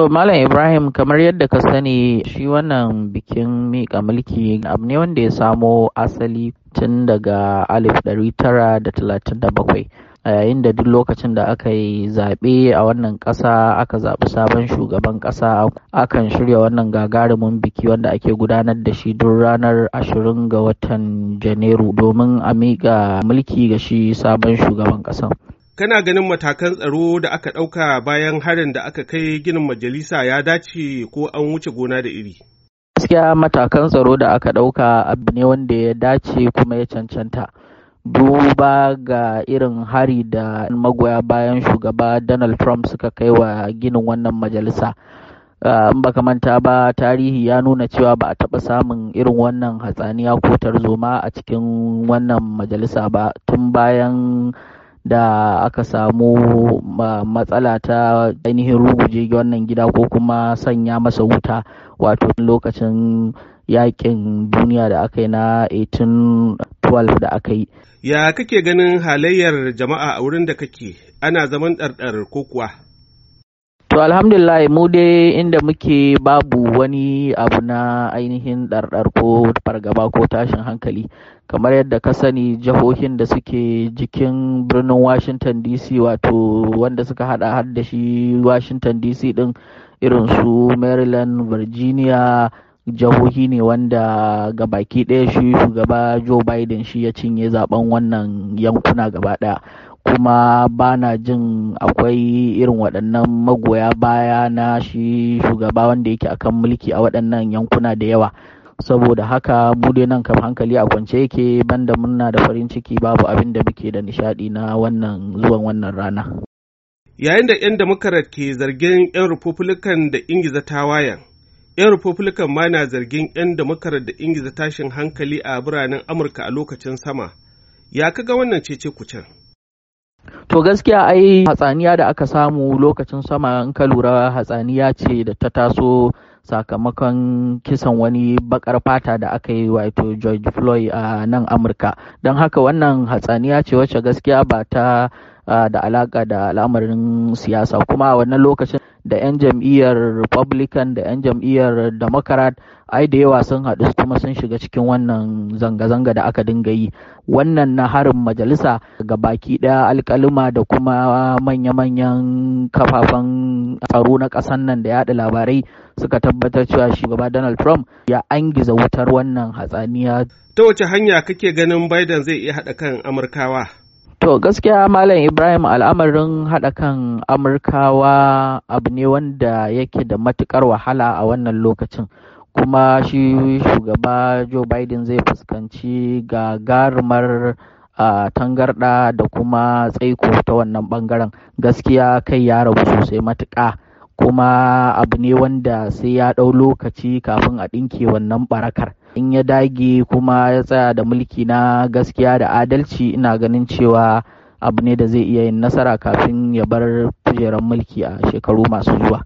So Malam Ibrahim kamar yadda ka sani shi wannan bikin miƙa mulki abu ne wanda ya samo asali tun daga 1937 a yayin da duk lokacin da aka yi zaɓe a wannan ƙasa aka zaɓi sabon shugaban ƙasa akan shirya wannan gagarumin biki wanda ake gudanar da shi duk ranar ashirin ga watan Janairu domin a miƙa mulki ga shi sabon shugaban ƙasa. kana ganin matakan tsaro da aka ɗauka bayan harin da aka kai ginin majalisa ya dace ko an wuce gona da iri? Gaskiya matakan tsaro da aka ɗauka abu ne wanda ya dace kuma ya cancanta. Duba ga irin hari da magoya bayan shugaba Donald Trump suka kai wa ginin wannan majalisa. Ah, in baka manta ba tarihi ya nuna cewa ba a taɓa samun irin wannan hatsaniya ko tarzoma a cikin wannan majalisa ba tun bayan da aka samu matsala ta ainihin ruguje wannan gida ko kuma sanya masa wuta wato lokacin yakin duniya da aka yi na 1812 da aka yi. Ya kake ganin halayyar jama'a a wurin da kake ana zaman ɗarɗar ko kuwa? To alhamdulillah mu dai inda muke babu wani abu na ainihin ɗarɗar ko fargaba ko tashin hankali. Kamar yadda ka sani jihohin da suke jikin birnin Washington DC wato wanda suka hada har da shi Washington DC ɗin irin su Maryland, Virginia jihohi ne wanda baki ɗaya shi shugaba Joe Biden shi ya cinye zaben wannan yankuna gaba ɗaya. kuma ba na jin akwai irin waɗannan magoya baya na shi shugaba wanda yake akan mulki a waɗannan yankuna da yawa saboda haka mu dai nan kam hankali a kwance yake banda muna da farin ciki babu abin da muke da nishaɗi na wannan zuwan wannan rana yayin da 'yan democrat ke zargin 'yan republican da ingiza tawayan 'yan republican ma na zargin 'yan democrat da ingiza tashin hankali a biranen amurka a lokacin sama ya kaga wannan cece kucin To gaskiya ai hatsaniya da aka samu lokacin sama in ka lura hatsaniya ce da ta taso sakamakon kisan wani bakar fata da aka yi wato George Floyd a nan Amurka. Don haka wannan hatsaniya ce wacce gaskiya ba ta da alaka da al'amarin siyasa kuma a wannan lokacin da 'yan jam'iyyar republican da 'yan jam'iyyar democrat ai da yawa sun haɗu kuma sun shiga cikin wannan zanga-zanga da aka dinga yi wannan na harin majalisa ga baki ɗaya alkalima da kuma manya-manyan kafafen tsaro na ƙasan nan da yaɗa labarai suka tabbatar cewa shugaba donald trump ya angiza wutar wannan hatsaniya ta wace hanya kake ganin biden zai iya haɗa kan amurkawa To gaskiya Malam Ibrahim al'amarin haɗa kan Amurkawa abu ne wanda yake da matukar wahala a wannan lokacin. Kuma shi shugaba Joe Biden zai fuskanci gagarumar uh, tangarɗa da kuma tsaiko ta wannan ɓangaren. Gaskiya kai ya rabu sosai matuka, Kuma abu ne wanda sai ya ɗau lokaci kafin a ɗinke wannan ɓarakar. in ya dage kuma ya tsaya da mulki na gaskiya da adalci ina ganin cewa abu ne da zai iya yin nasara kafin ya bar kujerar mulki a shekaru masu zuwa